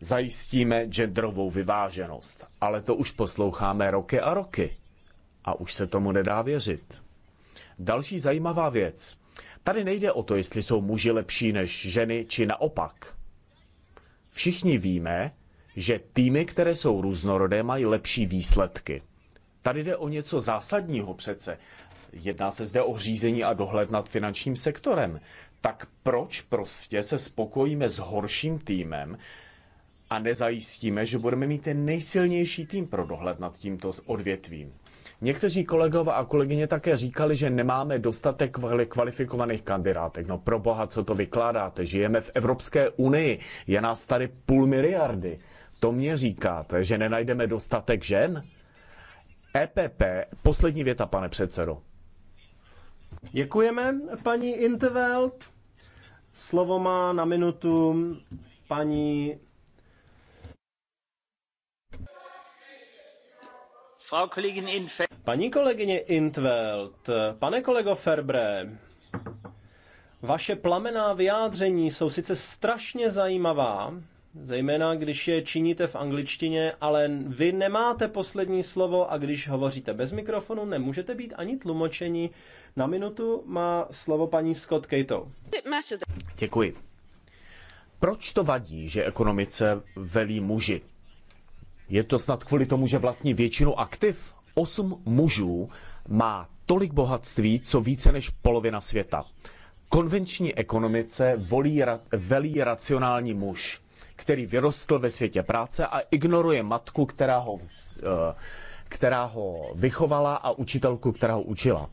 zajistíme genderovou vyváženost. Ale to už posloucháme roky a roky. A už se tomu nedá věřit. Další zajímavá věc. Tady nejde o to, jestli jsou muži lepší než ženy, či naopak. Všichni víme, že týmy, které jsou různorodé, mají lepší výsledky. Tady jde o něco zásadního přece. Jedná se zde o řízení a dohled nad finančním sektorem. Tak proč prostě se spokojíme s horším týmem a nezajistíme, že budeme mít ten nejsilnější tým pro dohled nad tímto odvětvím? Někteří kolegové a kolegyně také říkali, že nemáme dostatek kvalifikovaných kandidátek. No pro boha, co to vykládáte? Žijeme v Evropské unii, je nás tady půl miliardy. To mě říkáte, že nenajdeme dostatek žen? EPP, poslední věta, pane předsedo. Děkujeme, paní Intervelt. Slovo má na minutu paní Paní kolegyně Intveld, pane kolego Ferbre, vaše plamená vyjádření jsou sice strašně zajímavá, zejména když je činíte v angličtině, ale vy nemáte poslední slovo a když hovoříte bez mikrofonu, nemůžete být ani tlumočení. Na minutu má slovo paní Scott Cato. Děkuji. Proč to vadí, že ekonomice velí muži? Je to snad kvůli tomu, že vlastní většinu aktiv? Osm mužů má tolik bohatství, co více než polovina světa. Konvenční ekonomice volí, velí racionální muž, který vyrostl ve světě práce a ignoruje matku, která ho, eh, která ho vychovala a učitelku, která ho učila.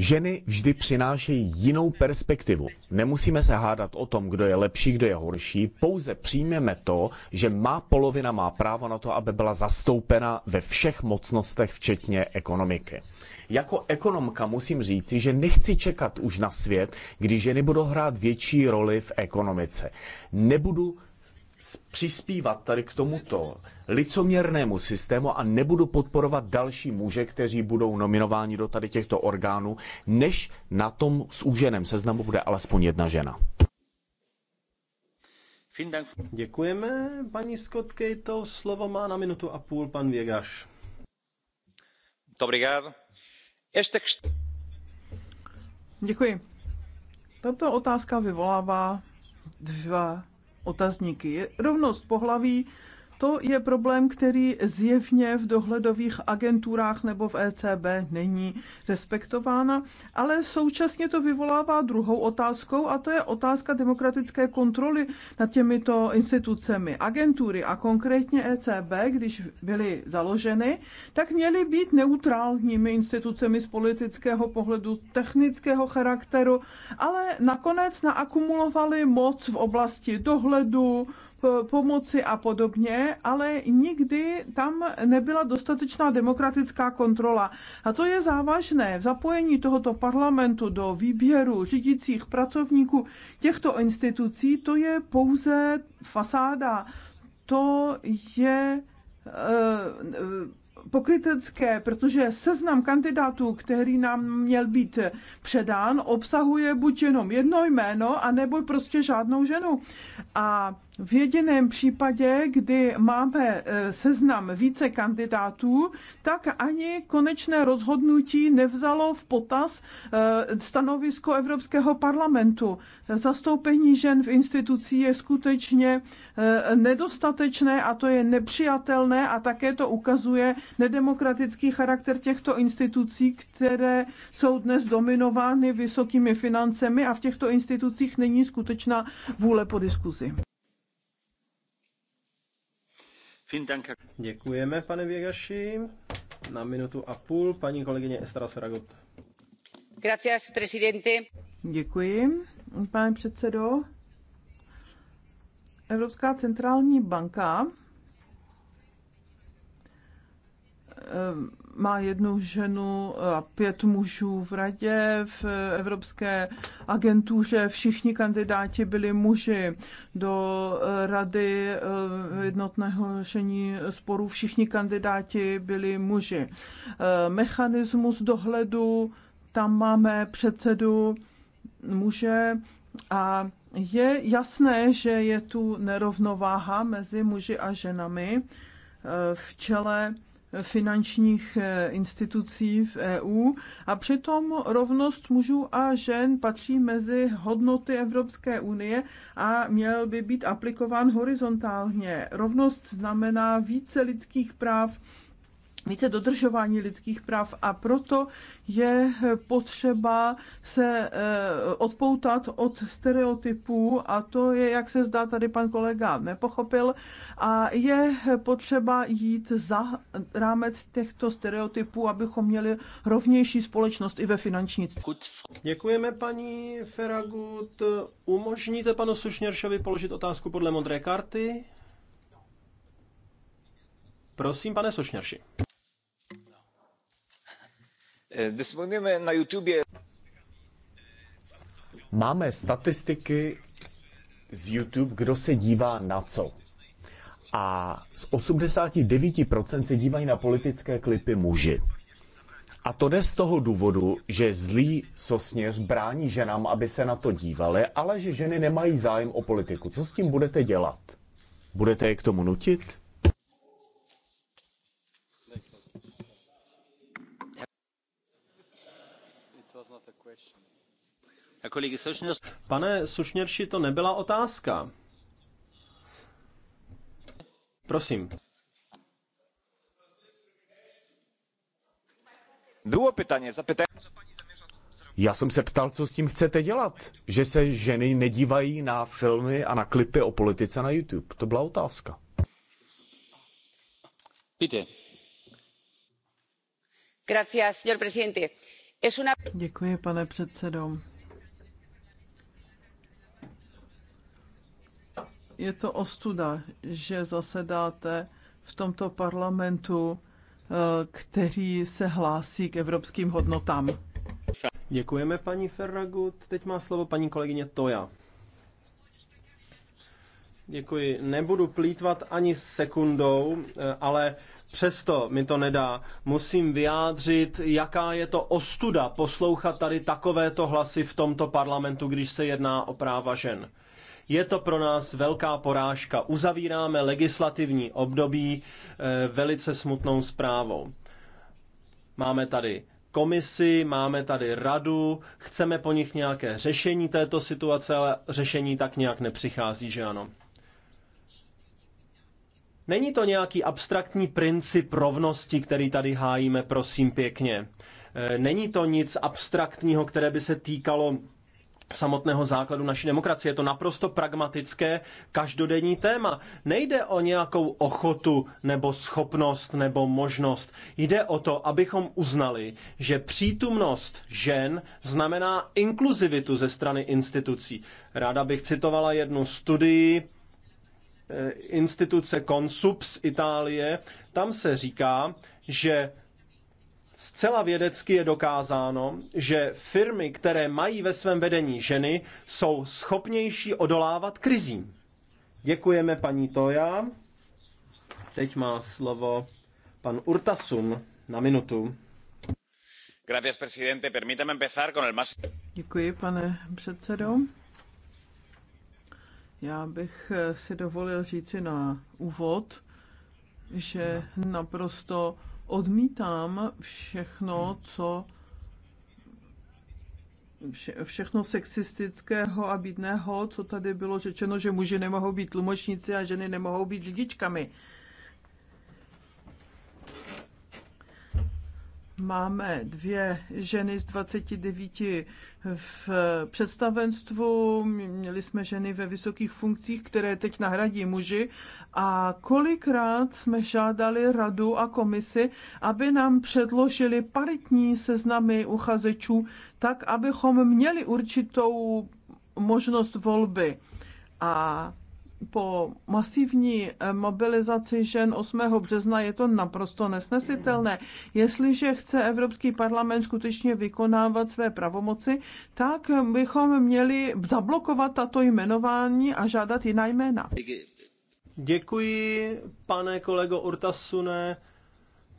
Ženy vždy přinášejí jinou perspektivu. Nemusíme se hádat o tom, kdo je lepší, kdo je horší, pouze přijmeme to, že má polovina má právo na to, aby byla zastoupena ve všech mocnostech, včetně ekonomiky. Jako ekonomka musím říci, že nechci čekat už na svět, kdy ženy budou hrát větší roli v ekonomice. Nebudu přispívat tady k tomuto licoměrnému systému a nebudu podporovat další muže, kteří budou nominováni do tady těchto orgánů, než na tom zúženém seznamu bude alespoň jedna žena. Děkujeme, paní Scott To Slovo má na minutu a půl pan Věgaš. Děkuji. Tato otázka vyvolává dva otazníky. Rovnost pohlaví to je problém, který zjevně v dohledových agenturách nebo v ECB není respektována, ale současně to vyvolává druhou otázkou a to je otázka demokratické kontroly nad těmito institucemi. Agentury a konkrétně ECB, když byly založeny, tak měly být neutrálními institucemi z politického pohledu, technického charakteru, ale nakonec naakumulovaly moc v oblasti dohledu, pomoci a podobně, ale nikdy tam nebyla dostatečná demokratická kontrola. A to je závažné. v Zapojení tohoto parlamentu do výběru řídících pracovníků těchto institucí, to je pouze fasáda. To je eh, pokrytecké, protože seznam kandidátů, který nám měl být předán, obsahuje buď jenom jedno jméno, anebo prostě žádnou ženu. A v jediném případě, kdy máme e, seznam více kandidátů, tak ani konečné rozhodnutí nevzalo v potaz e, stanovisko Evropského parlamentu. Zastoupení žen v instituci je skutečně e, nedostatečné a to je nepřijatelné a také to ukazuje nedemokratický charakter těchto institucí, které jsou dnes dominovány vysokými financemi a v těchto institucích není skutečná vůle po diskuzi. Děkujeme, pane Věgaši. Na minutu a půl paní kolegyně Estera Saragot. Gracias, presidente. Děkuji, pane předsedo. Evropská centrální banka má jednu ženu a pět mužů v radě, v Evropské agentuře. Všichni kandidáti byli muži do rady eh, jednotného řešení sporů. Všichni kandidáti byli muži. Eh, mechanismus dohledu, tam máme předsedu muže a je jasné, že je tu nerovnováha mezi muži a ženami eh, v čele finančních eh, institucí v EU a přitom rovnost mužů a žen patří mezi hodnoty Evropské unie a měl by být aplikován horizontálně. Rovnost znamená více lidských práv, více dodržování lidských práv a proto je potřeba se eh, odpoutat od stereotypů a to je, jak se zdá, tady pan kolega nepochopil a je potřeba jít za rámec těchto stereotypů, abychom měli rovnější společnost i ve finančnictví. Děkujeme paní Feragut. Umožníte panu Sušněršovi položit otázku podle modré karty? Prosím, pane Sušněrši. Eh, Disponujeme na YouTube. Máme statistiky z YouTube, kdo se dívá na co. A z 89% se dívají na politické klipy muži. A to jde z toho důvodu, že zlý sosněř brání ženám, aby se na to dívali, ale že ženy nemají zájem o politiku. Co s tím budete dělat? Budete je k tomu nutit? Pane Sušněrši, to nebyla otázka. Prosím. Bylo pytanie, zapytaj... Já jsem se ptal, co s tím chcete dělat. Že se ženy nedívají na filmy a na klipy o politice na YouTube. To byla otázka. Píte. Gracias, señor presidente. Děkuji, pane předsedo. je to ostuda, že zasedáte v tomto parlamentu, eh, který se hlásí k evropským hodnotám. Děkujeme paní Ferragut. Teď má slovo paní kolegyně Toja. Děkuji. Nebudu plítvat ani sekundou, eh, ale Přesto mi to nedá. Musím vyjádřit, jaká je to ostuda poslouchat tady takovéto hlasy v tomto parlamentu, když se jedná o práva žen. Je to pro nás velká porážka. Uzavíráme legislativní období eh, velice smutnou zprávou. Máme tady komisi, máme tady radu, chceme po nich nějaké řešení této situace, ale řešení tak nějak nepřichází, že ano. Není to nějaký abstraktní princip rovnosti, který tady hájíme, prosím pěkně. Eh, není to nic abstraktního, které by se týkalo samotného základu naší demokracie. Je to naprosto pragmatické každodenní téma. Nejde o nějakou ochotu nebo schopnost nebo možnost. Jde o to, abychom uznali, že přítomnost žen znamená inkluzivitu ze strany institucí. Ráda bych citovala jednu studii eh, instituce Consubs Itálie. Tam se říká, že Zcela vědecky je dokázáno, že firmy, které mají ve svém vedení ženy, jsou schopnější odolávat krizím. Děkujeme paní Toja. Teď má slovo pan Urtasun na minutu. Gracias, presidente. Permítame empezar con el más... Děkuji, pane předsedo. Já bych eh, si dovolil říci na úvod, že naprosto odmítám všechno, co vše, všechno sexistického a bídného, co tady bylo řečeno, že muži nemohou být tlumočníci a ženy nemohou být řidičkami. máme dvě ženy z 29 v představenstvu, měli jsme ženy ve vysokých funkcích, které teď nahradí muži a kolikrát jsme žádali radu a komisi, aby nám předložili paritní seznamy uchazečů, tak abychom měli určitou možnost volby. A po masivní eh, mobilizaci žen 8. března je to naprosto nesnesitelné. Jestliže chce Evropský parlament skutečně vykonávat své pravomoci, tak bychom měli zablokovat tato jmenování a žádat jiná jména. Děkuji, pane kolego Urtasune.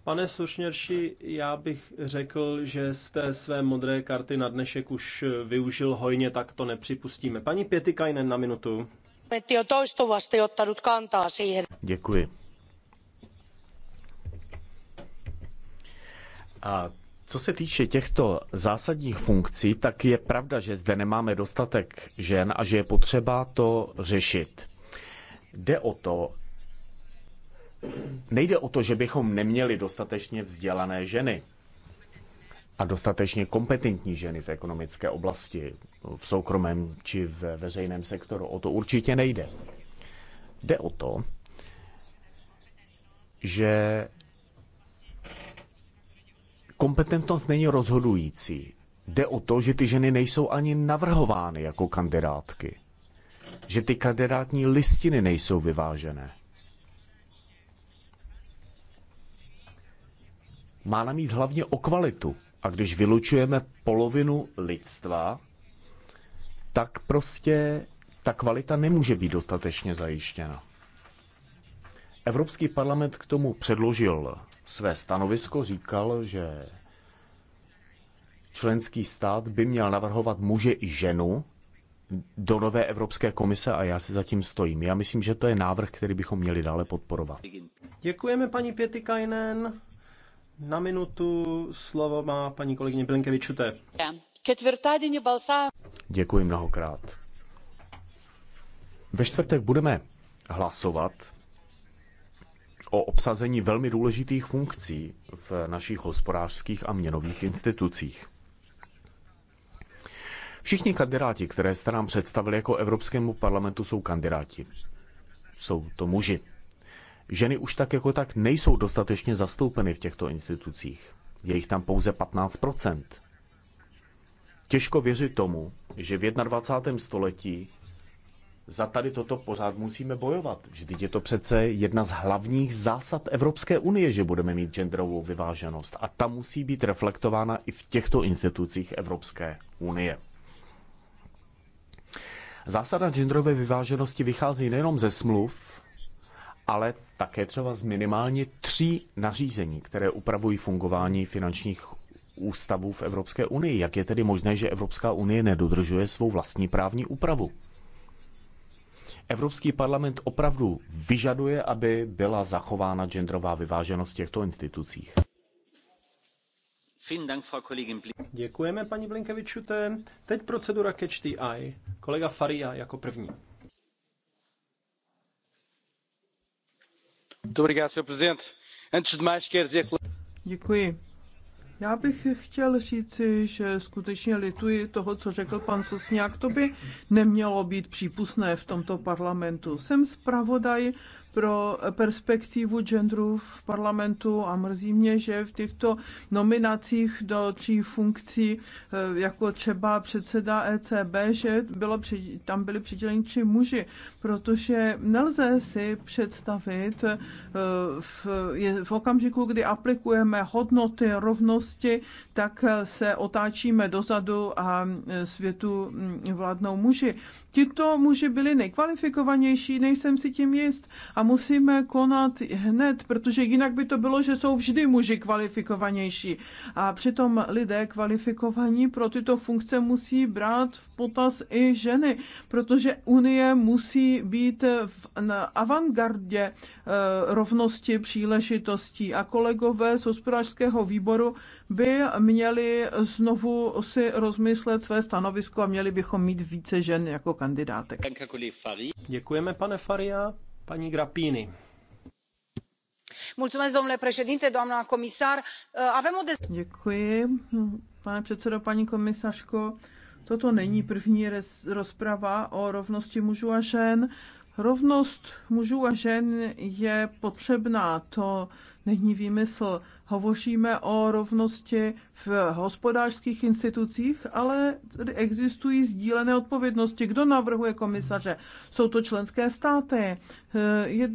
Pane Sušněrši, já bych řekl, že jste své modré karty na dnešek už využil hojně, tak to nepřipustíme. Paní Pětikajnen na minutu parlamentti on toistuvasti ottanut kantaa siihen. Děkuji. co se týče těchto zásadních funkcí, tak je pravda, že zde nemáme dostatek žen a že je potřeba to řešit. Jde o to, nejde o to, že bychom neměli dostatečně vzdělané ženy a dostatečně kompetentní ženy v ekonomické oblasti, v soukromém či v veřejném sektoru. O to určitě nejde. Jde o to, že kompetentnost není rozhodující. Jde o to, že ty ženy nejsou ani navrhovány jako kandidátky. Že ty kandidátní listiny nejsou vyvážené. Má nám jít hlavně o kvalitu, a když vylučujeme polovinu lidstva, tak prostě ta kvalita nemůže být dostatečně zajištěna. Evropský parlament k tomu předložil své stanovisko, říkal, že členský stát by měl navrhovat muže i ženu do nové Evropské komise a já si zatím stojím. Já myslím, že to je návrh, který bychom měli dále podporovat. Děkujeme paní Pětikajnen. Na minutu slovo má paní kolegyně Blinkevičuté. Děkuji mnohokrát. Ve čtvrtek budeme hlasovat o obsazení velmi důležitých funkcí v našich hospodářských a měnových institucích. Všichni kandidáti, které jste nám představili jako Evropskému parlamentu, jsou kandidáti. Jsou to muži. Ženy už tak jako tak nejsou dostatečně zastoupeny v těchto institucích. Je jich tam pouze 15 Těžko věřit tomu, že v 21. století za tady toto pořád musíme bojovat. Vždyť je to přece jedna z hlavních zásad Evropské unie, že budeme mít genderovou vyváženost. A ta musí být reflektována i v těchto institucích Evropské unie. Zásada genderové vyváženosti vychází nejenom ze smluv, ale také třeba z minimálně tří nařízení, které upravují fungování finančních ústavů v Evropské unii. Jak je tedy možné, že Evropská unie nedodržuje svou vlastní právní úpravu? Evropský parlament opravdu vyžaduje, aby byla zachována genderová vyváženost v těchto institucích. Děkujeme, paní Blinkevičute. Teď procedura Catch the Eye. Kolega Faria jako první. Děkuji. Já bych chtěl říci, že skutečně lituji toho, co řekl pan Sosňák. To by nemělo být přípustné v tomto parlamentu. Jsem zpravodaj pro perspektivu genderu v parlamentu a mrzí mě, že v těchto nominacích do tří funkcí, eh, jako třeba předseda ECB, že bylo, tam byli přiděleni tři muži, protože nelze si představit eh, v, v okamžiku, kdy aplikujeme hodnoty rovnosti, tak se otáčíme dozadu a eh, světu mm, vládnou muži. Tito muži byli nejkvalifikovanější, nejsem si tím jist. A musíme konat hned, protože jinak by to bylo, že jsou vždy muži kvalifikovanější. A přitom lidé kvalifikovaní pro tyto funkce musí brát v potaz i ženy, protože Unie musí být v avantgardě eh, rovnosti příležitostí. A kolegové z hospodářského výboru by měli znovu si rozmyslet své stanovisko a měli bychom mít více žen jako kandidátek. Děkujeme, pane Faria. Paní Grapíny domnule președinte doamnă comisar eh, avem o Děkuji pane předsedo paní komisařko toto není první rozprava o rovnosti mužů a žen. Rovnost mužů a žen je potřebná, to není výmysl. Hovoříme o rovnosti v hospodářských institucích, ale tady existují sdílené odpovědnosti. Kdo navrhuje komisaře? Jsou to členské státy. Je,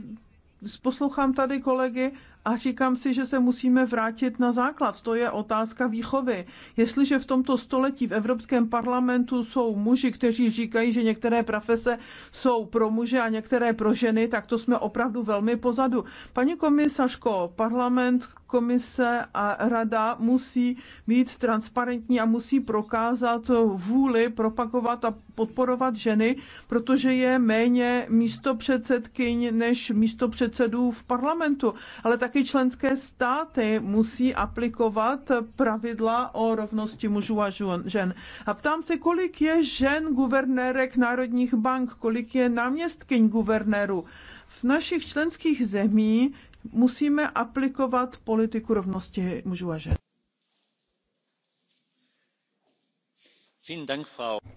poslouchám tady kolegy a říkám si, že se musíme vrátit na základ. To je otázka výchovy. Jestliže v tomto století v Evropském parlamentu jsou muži, kteří říkají, že některé profese jsou pro muže a některé pro ženy, tak to jsme opravdu velmi pozadu. Paní komisařko, parlament komise a rada musí být transparentní a musí prokázat vůli propagovat a podporovat ženy, protože je méně místo předsedkyň než místo předsedů v parlamentu. Ale taky členské státy musí aplikovat pravidla o rovnosti mužů a žen. A ptám se, kolik je žen guvernérek národních bank, kolik je náměstkyň guvernéru v našich členských zemí musíme aplikovat politiku rovnosti mužů a žen.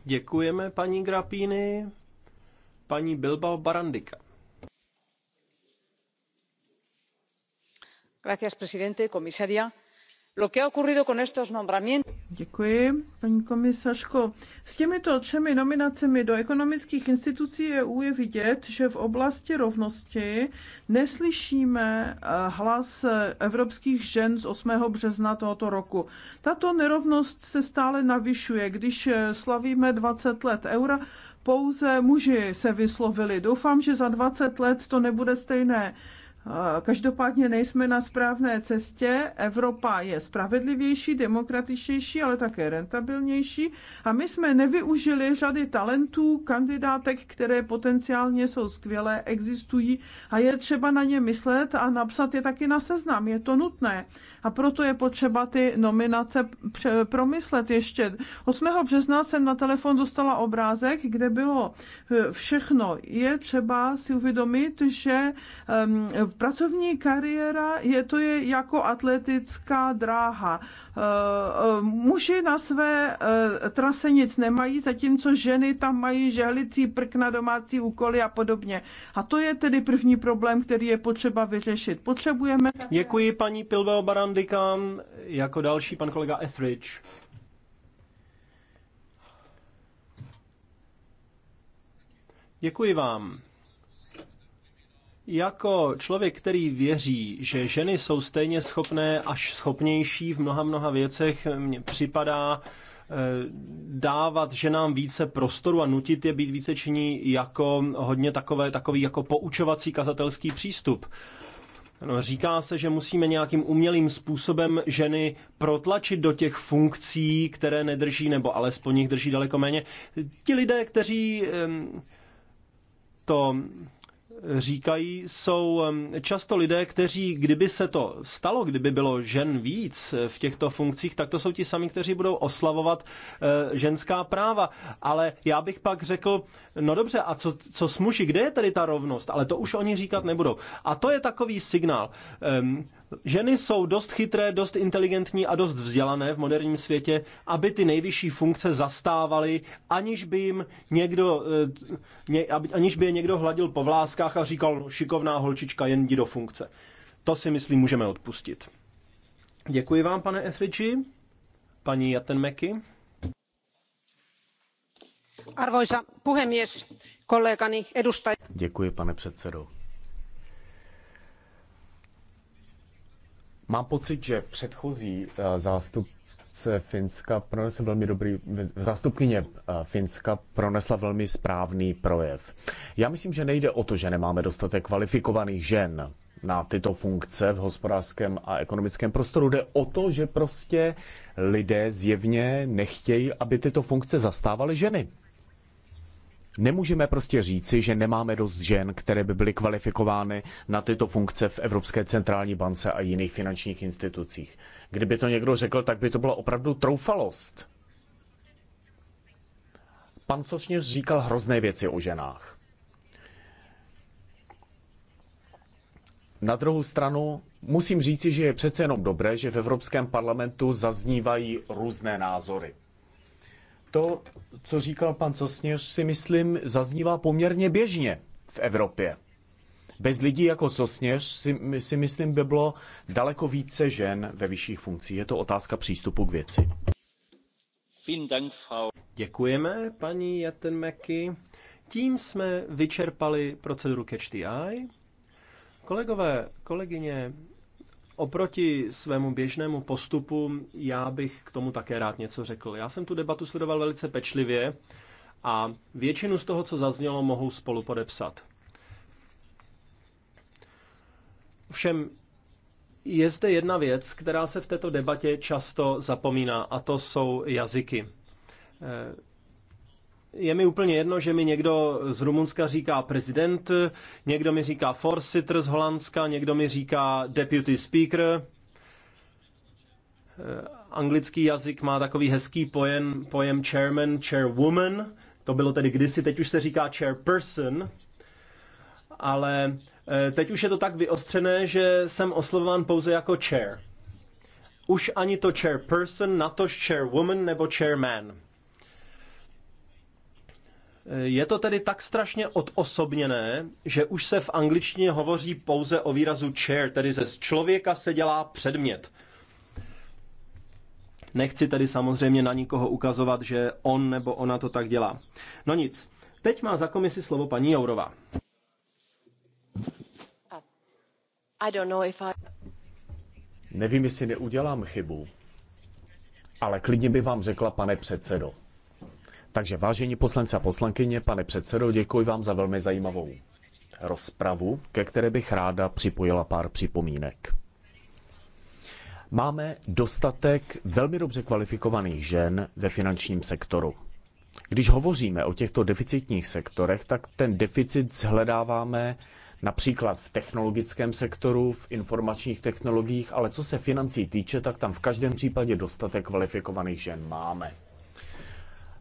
Děkujeme paní Grapíny. Paní Bilbao Barandika. Gracias, presidente, comisaria. Lo que ha ocurrido con estos nombramientos. paní komisařko. S těmito třemi nominacemi do ekonomických institucí EU je vidět, že v oblasti rovnosti neslyšíme eh, hlas evropských žen z 8. března tohoto roku. Tato nerovnost se stále navyšuje. Když eh, slavíme 20 let eura, pouze muži se vyslovili. Doufám, že za 20 let to nebude stejné. Eh, každopádně nejsme na správné cestě. Evropa je spravedlivější, demokratičtější, ale také rentabilnější. A my jsme nevyužili řady talentů, kandidátek, které potenciálně jsou skvělé, existují a je třeba na ně myslet a napsat je taky na seznam. Je to nutné. A proto je potřeba ty nominace promyslet ještě. 8. března jsem na telefon dostala obrázek, kde bylo eh, všechno. Je třeba si uvědomit, že Pracovní kariéra je to je jako atletická dráha. Eh, eh, muži na své eh, trase nic nemají, zatímco ženy tam mají žehlicí prk na domácí úkoly a podobně. A to je tedy první problém, který je potřeba vyřešit. Potřebujeme... Děkuji paní Pilveo Barandikám. Jako další pan kolega Etheridge. Děkuji vám. Jako člověk, který věří, že ženy jsou stejně schopné, až schopnější v mnoha mnoha věcech, mně připadá eh, dávat ženám více prostoru a nutit je být více činí jako hodně takové, takový jako poučovací kazatelský přístup. No, říká se, že musíme nějakým umělým způsobem ženy protlačit do těch funkcí, které nedrží, nebo alespoň jich drží daleko méně. Ti lidé, kteří to říkají, jsou často lidé, kteří, kdyby se to stalo, kdyby bylo žen víc eh, v těchto funkcích, tak to jsou ti sami, kteří budou oslavovat eh, ženská práva. Ale já bych pak řekl, no dobře, a co, co s muži, kde je tedy ta rovnost? Ale to už oni říkat nebudou. A to je takový signál. Ženy jsou dost chytré, dost inteligentní a dost vzdělané v moderním světě, aby ty nejvyšší funkce zastávaly, aniž by jim někdo, eh, aniž by je někdo hladil po vláskách novinách a říkal, no, šikovná holčička, jen jdi do funkce. To si myslím můžeme odpustit. Děkuji vám, pane Efriči. Paní Jatenmeky. Arvoisa puhemies, kollegani edustaj. Děkuji, pane předsedo. Mám pocit, že předchozí eh, zástup zástupce Finska pronesl velmi dobrý, zástupkyně eh, Finska pronesla velmi správný projev. Já myslím, že nejde o to, že nemáme dostatek kvalifikovaných žen na tyto funkce v hospodářském a ekonomickém prostoru. Jde o to, že prostě lidé zjevně nechtějí, aby tyto funkce zastávaly ženy. Nemůžeme prostě říci, že nemáme dost žen, které by byly kvalifikovány na tyto funkce v Evropské centrální bance a jiných finančních institucích. Kdyby to někdo řekl, tak by to byla opravdu troufalost. Pan Sošněř říkal hrozné věci o ženách. Na druhou stranu musím říci, že je přece jenom dobré, že v Evropském parlamentu zaznívají různé názory to, co říkal pan Sosněř, si myslím, zaznívá poměrně běžně v Evropě. Bez lidí jako Sosněř si, si myslím by bylo daleko více žen ve vyšších funkcích. Je to otázka přístupu k věci. Děkujeme, paní Jatenmeky. Tím jsme vyčerpali proceduru Catch the Eye. Kolegové, kolegyně, Oproti svému běžnému postupu já bych k tomu také rád něco řekl. Já jsem tu debatu sledoval velice pečlivě a většinu z toho, co zaznělo, mohu spolu podepsat. Všem je zde jedna věc, která se v této debatě často zapomíná, a to jsou jazyky. Eh, je mi úplně jedno, že mi někdo z Rumunska říká prezident, někdo mi říká forsitter z Holandska, někdo mi říká deputy speaker. Eh, anglický jazyk má takový hezký pojem, pojem chairman, chairwoman. To bylo tedy kdysi, teď už se říká chairperson. Ale eh, teď už je to tak vyostřené, že jsem oslovován pouze jako chair. Už ani to chairperson, natož chairwoman nebo chairman. Je to tedy tak strašně odosobněné, že už se v angličtině hovoří pouze o výrazu chair, tedy ze člověka se dělá předmět. Nechci tedy samozřejmě na nikoho ukazovat, že on nebo ona to tak dělá. No nic, teď má za komisi slovo paní Jourová. I don't know if I... Nevím, jestli neudělám chybu, ale klidně by vám řekla, pane předsedo. Takže vážení poslanci a poslankyně, pane předsedo, děkuji vám za velmi zajímavou rozpravu, ke které bych ráda připojila pár připomínek. Máme dostatek velmi dobře kvalifikovaných žen ve finančním sektoru. Když hovoříme o těchto deficitních sektorech, tak ten deficit shledáváme například v technologickém sektoru, v informačních technologiích, ale co se financí týče, tak tam v každém případě dostatek kvalifikovaných žen máme.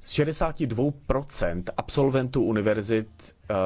Z 62% absolventů univerzit eh,